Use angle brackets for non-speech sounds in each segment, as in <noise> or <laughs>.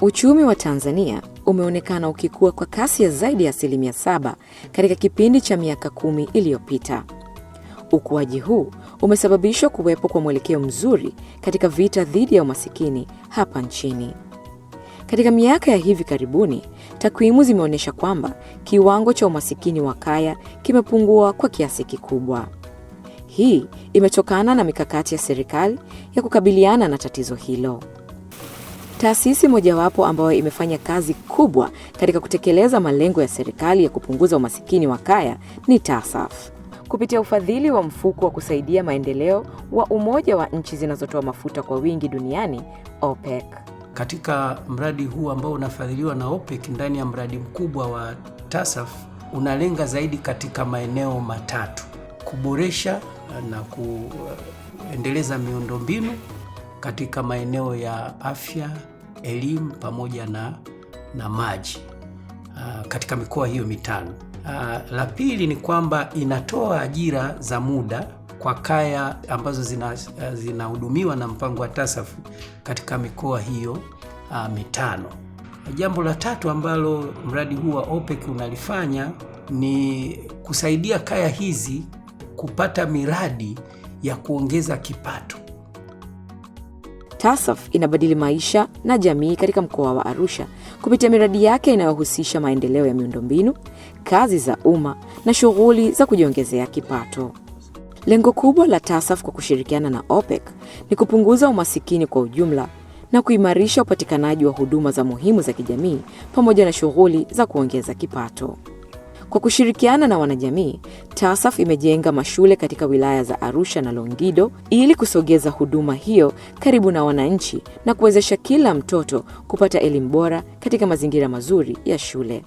Uchumi wa Tanzania umeonekana ukikua kwa kasi ya zaidi ya asilimia saba katika kipindi cha miaka kumi iliyopita. Ukuaji huu umesababishwa kuwepo kwa mwelekeo mzuri katika vita dhidi ya umasikini hapa nchini. Katika miaka ya hivi karibuni, takwimu zimeonyesha kwamba kiwango cha umasikini wa kaya kimepungua kwa kiasi kikubwa. Hii imetokana na mikakati ya serikali ya kukabiliana na tatizo hilo. Taasisi mojawapo ambayo imefanya kazi kubwa katika kutekeleza malengo ya serikali ya kupunguza umasikini wa kaya ni TASAF kupitia ufadhili wa mfuko wa kusaidia maendeleo wa Umoja wa Nchi zinazotoa mafuta kwa wingi duniani OPEC. Katika mradi huu ambao unafadhiliwa na OPEC ndani ya mradi mkubwa wa TASAF unalenga zaidi katika maeneo matatu: kuboresha na kuendeleza miundombinu katika maeneo ya afya, elimu pamoja na, na maji uh, katika mikoa hiyo mitano. Uh, la pili ni kwamba inatoa ajira za muda kwa kaya ambazo ah, zinahudumiwa zina na mpango wa tasafu katika mikoa hiyo uh, mitano. Jambo la tatu ambalo mradi huu wa OPEC unalifanya ni kusaidia kaya hizi kupata miradi ya kuongeza kipato. TASAF inabadili maisha na jamii katika mkoa wa Arusha kupitia miradi yake inayohusisha maendeleo ya miundombinu, kazi za umma na shughuli za kujiongezea kipato. Lengo kubwa la TASAF kwa kushirikiana na OPEC ni kupunguza umasikini kwa ujumla na kuimarisha upatikanaji wa huduma za muhimu za kijamii pamoja na shughuli za kuongeza kipato. Kwa kushirikiana na wanajamii, TASAF imejenga mashule katika wilaya za Arusha na Longido ili kusogeza huduma hiyo karibu na wananchi na kuwezesha kila mtoto kupata elimu bora katika mazingira mazuri ya shule.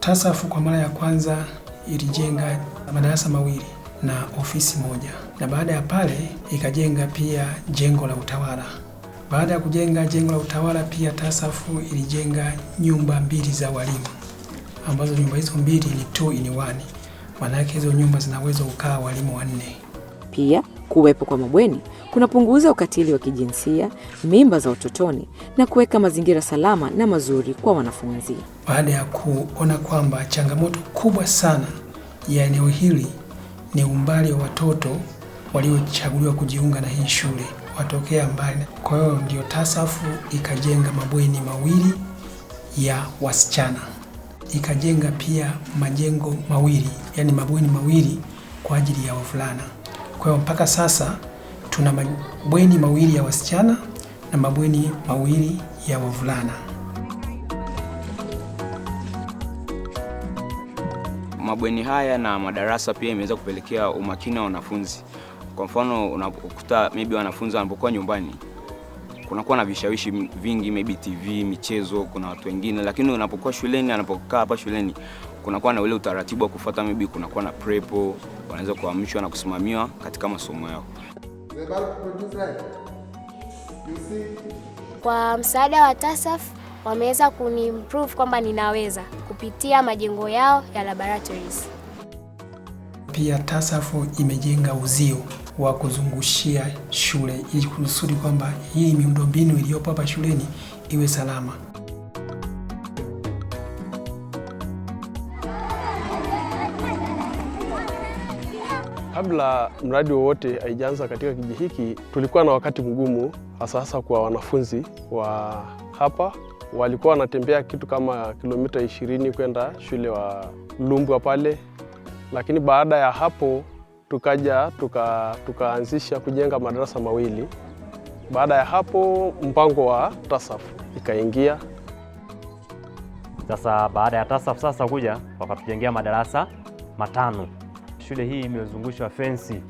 TASAF kwa mara ya kwanza ilijenga madarasa mawili na ofisi moja na baada ya pale ikajenga pia jengo la utawala. Baada ya kujenga jengo la utawala, pia TASAFU ilijenga nyumba mbili za walimu, ambazo nyumba hizo mbili ni two in one, yake hizo nyumba zinaweza kukaa walimu wanne. Pia kuwepo kwa mabweni kunapunguza ukatili wa kijinsia, mimba za utotoni na kuweka mazingira salama na mazuri kwa wanafunzi. Baada ya kuona kwamba changamoto kubwa sana ya eneo hili ni umbali wa watoto waliochaguliwa kujiunga na hii shule watokea mbali. Kwa hiyo ndio tasafu ikajenga mabweni mawili ya wasichana, ikajenga pia majengo mawili, yani mabweni mawili kwa ajili ya wavulana. Kwa hiyo mpaka sasa tuna mabweni mawili ya wasichana na mabweni mawili ya wavulana. Mabweni haya na madarasa pia imeweza kupelekea umakini wa wanafunzi kwa mfano unakuta maybe wanafunzi wanapokuwa nyumbani kunakuwa na vishawishi vingi, maybe TV, michezo, kuna watu wengine, lakini unapokuwa shuleni, anapokaa hapa shuleni kunakuwa na ule utaratibu wa kufuata, maybe kunakuwa na prepo, wanaweza kuamshwa na kusimamiwa katika masomo yao. Kwa msaada wa TASAF wameweza kunimprove kwamba ninaweza kupitia majengo yao ya laboratories. Pia TASAF imejenga uzio wa kuzungushia shule ili kusudi kwamba hii miundombinu iliyopo hapa shuleni iwe salama. Kabla mradi wowote haijaanza katika kijiji hiki, tulikuwa na wakati mgumu, hasa hasa kwa wanafunzi wa hapa. Walikuwa wanatembea kitu kama kilomita ishirini kwenda shule wa Lumbwa pale, lakini baada ya hapo tukaja tuka, kujenga madarasa mawili. Baada ya hapo mpango wa TASAF ikaingia. Sasa baada ya TASAF sasa kuja wakatujengea madarasa matano. Shule hii imezungushwa fensi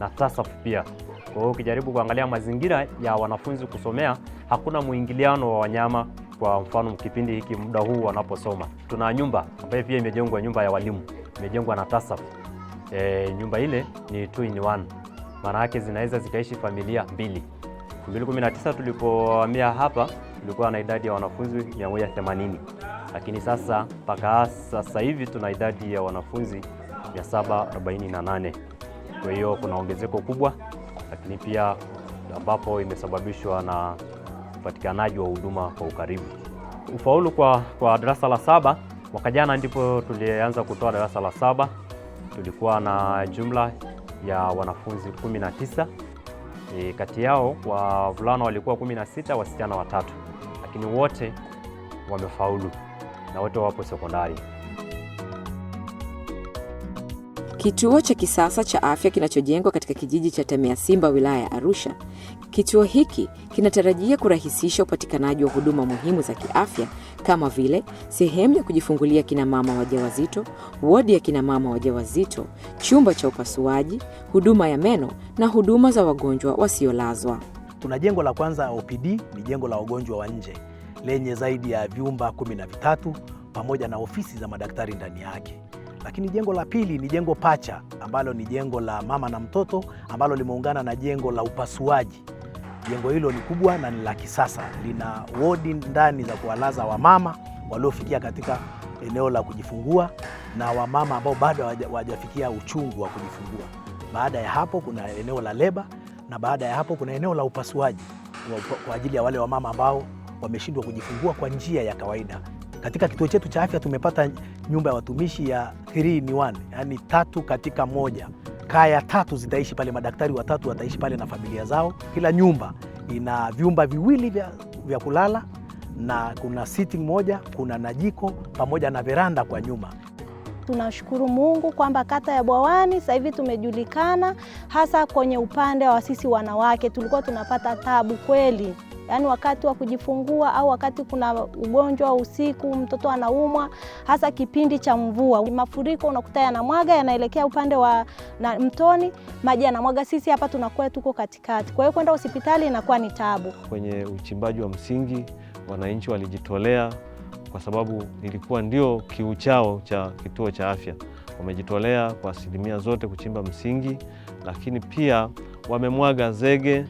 na TASAF pia. Kwa hiyo ukijaribu kuangalia mazingira ya wanafunzi kusomea, hakuna mwingiliano wa wanyama. Kwa mfano kipindi hiki muda huu wanaposoma, tuna nyumba ambayo pia imejengwa, nyumba ya walimu imejengwa na TASAF e, nyumba ile ni 2 in 1 maana yake zinaweza zikaishi familia mbili. 2019 tulipohamia hapa tulikuwa na idadi ya wanafunzi 180 lakini sasa mpaka sasa hivi tuna idadi ya wanafunzi 748 kwa hiyo kuna ongezeko kubwa, lakini pia ambapo imesababishwa na upatikanaji wa huduma kwa ukaribu. Ufaulu kwa, kwa darasa la saba mwaka jana ndipo tulianza kutoa darasa la saba tulikuwa na jumla ya wanafunzi 19. E, kati yao wavulana walikuwa 16, wasichana watatu, lakini wote wamefaulu na wote wapo sekondari. Kituo cha kisasa cha afya kinachojengwa katika kijiji cha simba wilaya ya Arusha. Kituo hiki kinatarajia kurahisisha upatikanaji wa huduma muhimu za kiafya kama vile sehemu ya kujifungulia kinamama wajawazito, wodi ya kinamama wajawazito, chumba cha upasuaji, huduma ya meno na huduma za wagonjwa wasiolazwa. Tuna jengo la kwanza OPD, ni jengo la wagonjwa wa nje lenye zaidi ya vyumba kumi na vitatu pamoja na ofisi za madaktari ndani yake. Lakini jengo la pili ni jengo pacha ambalo ni jengo la mama na mtoto ambalo limeungana na jengo la upasuaji Jengo hilo ni kubwa na ni la kisasa, lina wodi ndani za kuwalaza wamama waliofikia katika eneo la kujifungua na wamama ambao bado hawajafikia uchungu wa kujifungua. Baada ya hapo, kuna eneo la leba na baada ya hapo, kuna eneo la upasuaji kwa ajili ya wale wamama ambao wameshindwa kujifungua kwa njia ya kawaida. Katika kituo chetu cha afya tumepata nyumba ya watumishi ya 3 in 1, yani tatu katika moja kaya tatu zitaishi pale, madaktari watatu wataishi pale na familia zao. Kila nyumba ina vyumba viwili vya, vya kulala na kuna sitting moja, kuna na jiko pamoja na veranda kwa nyuma. Tunashukuru Mungu kwamba kata ya Bwawani sasa hivi tumejulikana hasa kwenye upande wa sisi wanawake, tulikuwa tunapata tabu kweli yaani wakati wa kujifungua au wakati kuna ugonjwa usiku, mtoto anaumwa, hasa kipindi cha mvua. Mafuriko unakuta yanamwaga, yanaelekea upande wa na mtoni, maji yanamwaga, sisi hapa tunakuwa tuko katikati, kwa hiyo kwenda hospitali inakuwa ni tabu. Kwenye uchimbaji wa msingi wananchi walijitolea kwa sababu ilikuwa ndio kiu chao cha kituo cha afya. Wamejitolea kwa asilimia zote kuchimba msingi, lakini pia wamemwaga zege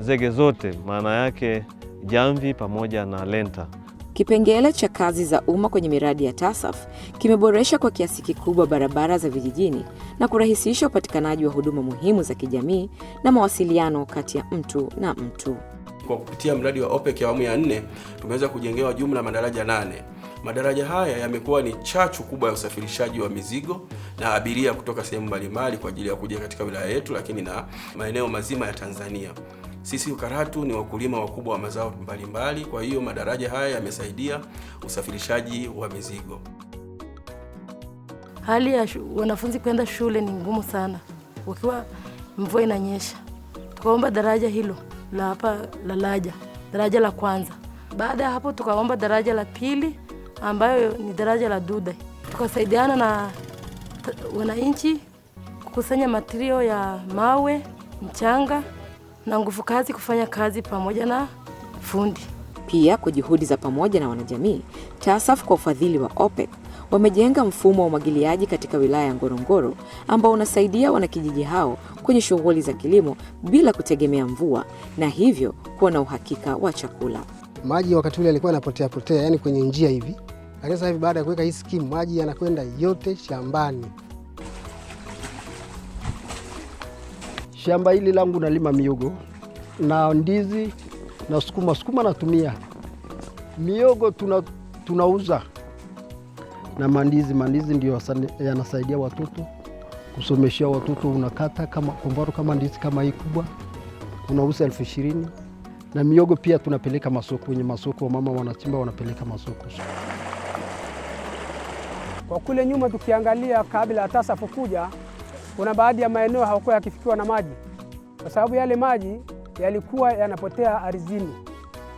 zege zote, maana yake jamvi pamoja na lenta. Kipengele cha kazi za umma kwenye miradi ya TASAF kimeboresha kwa kiasi kikubwa barabara za vijijini na kurahisisha upatikanaji wa huduma muhimu za kijamii na mawasiliano kati ya mtu na mtu. Kwa kupitia mradi wa OPEC awamu ya nne tumeweza kujengewa jumla madaraja nane Madaraja haya yamekuwa ni chachu kubwa ya usafirishaji wa mizigo na abiria kutoka sehemu mbalimbali kwa ajili ya kuja katika wilaya yetu, lakini na maeneo mazima ya Tanzania. Sisi Ukaratu ni wakulima wakubwa wa mazao mbalimbali, kwa hiyo madaraja haya yamesaidia usafirishaji wa mizigo. Hali ya wanafunzi kwenda shule ni ngumu sana wakiwa mvua inanyesha. Tukaomba daraja hilo la hapa la Laja, daraja la kwanza. Baada ya hapo, tukaomba daraja la pili ambayo ni daraja la Duda. Tukasaidiana na wananchi kukusanya matirio ya mawe, mchanga na nguvu kazi kufanya kazi pamoja na fundi. Pia kwa juhudi za pamoja na wanajamii, TASAF kwa ufadhili wa OPEC wamejenga mfumo wa umwagiliaji katika wilaya ya Ngorongoro ambao unasaidia wanakijiji hao kwenye shughuli za kilimo bila kutegemea mvua na hivyo kuwa na uhakika wa chakula. Maji wakati ule alikuwa yanapotea potea, yani kwenye njia hivi lakini sasa hivi baada ya kuweka hii skimu, maji yanakwenda yote shambani. Shamba hili langu nalima miogo na ndizi na sukuma. Sukuma natumia, miogo tuna, tunauza na mandizi. Mandizi ndio yanasaidia watoto kusomeshia watoto. Unakata kama kwa kama ndizi kama hii kubwa unauza elfu ishirini na miogo pia tunapeleka masoko, kwenye masoko wamama wanachimba wanapeleka masoko. Kwa kule nyuma tukiangalia, kabla ya tasafu kuja, kuna baadhi ya maeneo hayakuwa yakifikiwa na maji, kwa sababu yale maji yalikuwa yanapotea ardhini.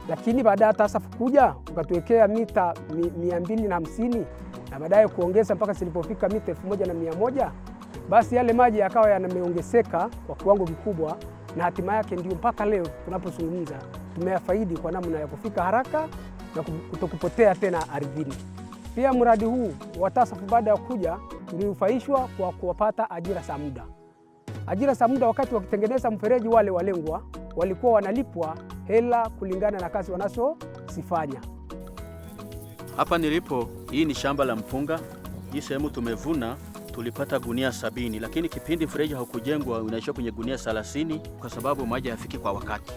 Lakini baada ya tasafu kuja, ukatuwekea mita mia mi, na na baadaye kuongeza mpaka zilipofika mita elfu moja na mia moja basi yale maji yakawa yanameongezeka kwa kiwango kikubwa, na hatima yake ndio mpaka leo tunapozungumza tumeyafaidi kwa namna ya kufika haraka na kutokupotea tena ardhini. Pia mradi huu wa TASAF baada ya kuja tulinufaishwa kwa kuwapata ajira za muda. Ajira za muda, wakati wakitengeneza mfereji, wale walengwa walikuwa wanalipwa hela kulingana na kazi wanazozifanya. Hapa nilipo, hii ni shamba la mpunga. Hii sehemu tumevuna tulipata gunia sabini, lakini kipindi mfereji haukujengwa unaishia kwenye gunia 30 kwa sababu maji hayafiki kwa wakati.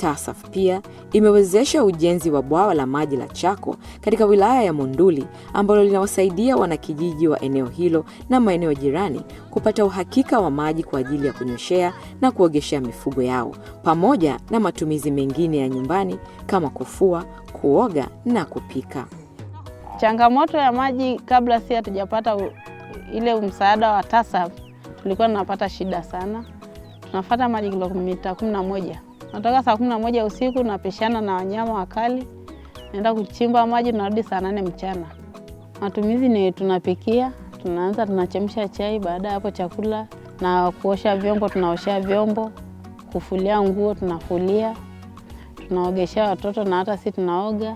TASAF pia imewezesha ujenzi wa bwawa la maji la Chako katika wilaya ya Monduli ambalo linawasaidia wanakijiji wa eneo hilo na maeneo jirani kupata uhakika wa maji kwa ajili ya kunyoshea na kuogeshea mifugo yao pamoja na matumizi mengine ya nyumbani kama kufua, kuoga na kupika. Changamoto ya maji kabla si hatujapata ile msaada wa TASAF tulikuwa tunapata shida sana, tunafata maji kilomita kumi na moja natoka saa kumi na moja usiku napishana na wanyama wakali, naenda kuchimba maji, narudi saa nane mchana. Matumizi ni tunapikia, tunaanza tunachemsha chai, baada ya hapo chakula na kuosha vyombo, tunaoshea vyombo, kufulia nguo, tunafulia, tunaogeshea watoto na hata si tunaoga.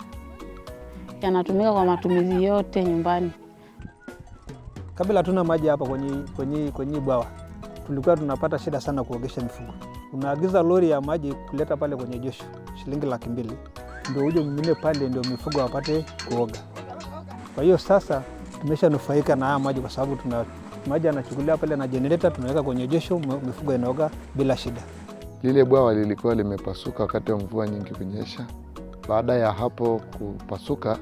Yanatumika kwa matumizi yote nyumbani. Kabla hatuna maji hapa kwenye, kwenye, kwenye bwawa tulikuwa tunapata shida sana kuogesha mifugo. Unaagiza lori ya maji kuleta pale kwenye josho shilingi laki mbili ndio huje mwingine pale ndio mifugo wapate kuoga. Kwa hiyo sasa tumeshanufaika na haya maji kwa sababu tuna maji anachukulia pale na jenereta tunaweka kwenye josho, mifugo inaoga bila shida. Lile bwawa lilikuwa limepasuka wakati wa mvua nyingi kunyesha. Baada ya hapo kupasuka,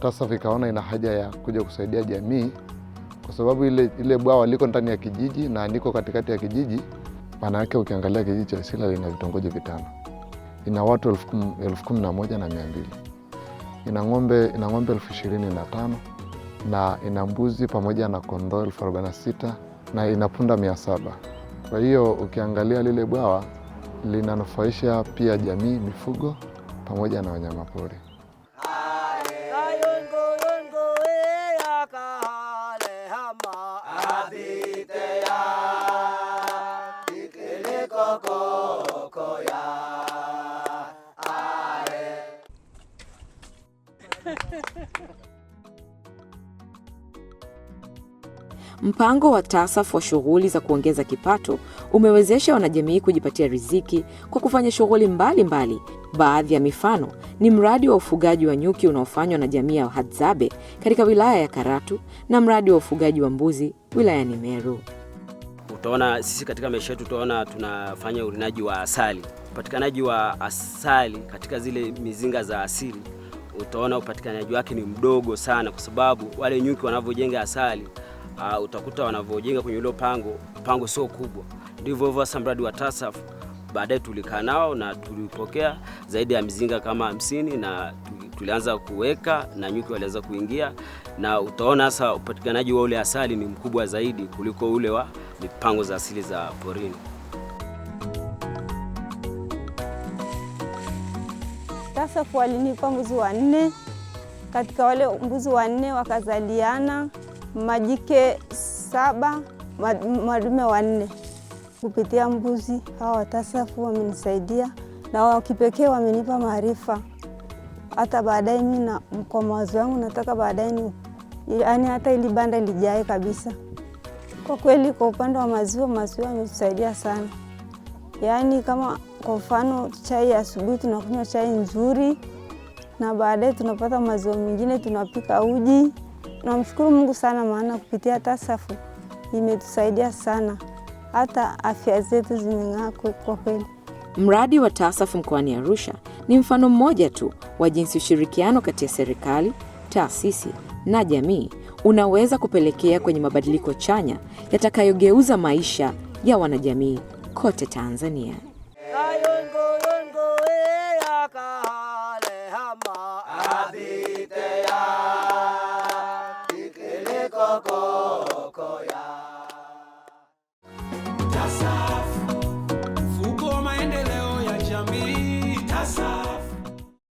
TASAF ikaona ina haja ya kuja kusaidia jamii kwa sababu ile, ile bwawa liko ndani ya kijiji na niko katikati ya kijiji. Maana yake ukiangalia kijiji cha Isila ina vitongoji vitano, ina watu elfu kumi na moja na mia mbili ina ng'ombe ina ng'ombe elfu ishirini na tano na ina mbuzi pamoja na kondoo elfu arobaini na sita na ina punda mia saba. Kwa hiyo ukiangalia lile bwawa linanufaisha pia jamii, mifugo pamoja na wanyamapori. <laughs> Mpango wa TASAF wa shughuli za kuongeza kipato umewezesha wanajamii kujipatia riziki kwa kufanya shughuli mbalimbali. Baadhi ya mifano ni mradi wa ufugaji wa nyuki unaofanywa na jamii ya Hadzabe katika wilaya ya Karatu na mradi wa ufugaji wa mbuzi wilayani Meru. Utaona sisi katika maisha yetu utaona tunafanya urinaji wa asali, upatikanaji wa asali katika zile mizinga za asili utaona upatikanaji wake ni mdogo sana, kwa sababu wale nyuki wanavyojenga asali uh, utakuta wanavyojenga kwenye hilo pango, pango sio kubwa. Ndivyo hivyo hasa mradi wa TASAF. Baadaye tulikaa nao na tulipokea zaidi ya mizinga kama hamsini na tulianza kuweka na nyuki walianza kuingia, na utaona hasa upatikanaji wa ule asali ni mkubwa zaidi kuliko ule wa mipango za asili za porini. sasa walinipa mbuzi wanne. Katika wale mbuzi wanne wakazaliana majike saba, madume wanne. Kupitia mbuzi hawa watasafu wamenisaidia na wakipekee wamenipa maarifa hata baadaye mi na mkomazi wangu nataka baadaye ni yani, hata ili banda lijae kabisa. Kwa kweli, kwa upande wa maziwa, maziwa yametusaidia sana. Yaani kama kwa mfano chai asubuhi, tunakunywa chai nzuri na baadaye tunapata mazao mengine, tunapika uji. Namshukuru Mungu sana, maana kupitia TASAFU imetusaidia sana, hata afya zetu zimeng'aa kwa kweli. Mradi wa TASAFU mkoani Arusha ni mfano mmoja tu wa jinsi ushirikiano kati ya serikali, taasisi na jamii unaweza kupelekea kwenye mabadiliko chanya yatakayogeuza maisha ya wanajamii kote Tanzania.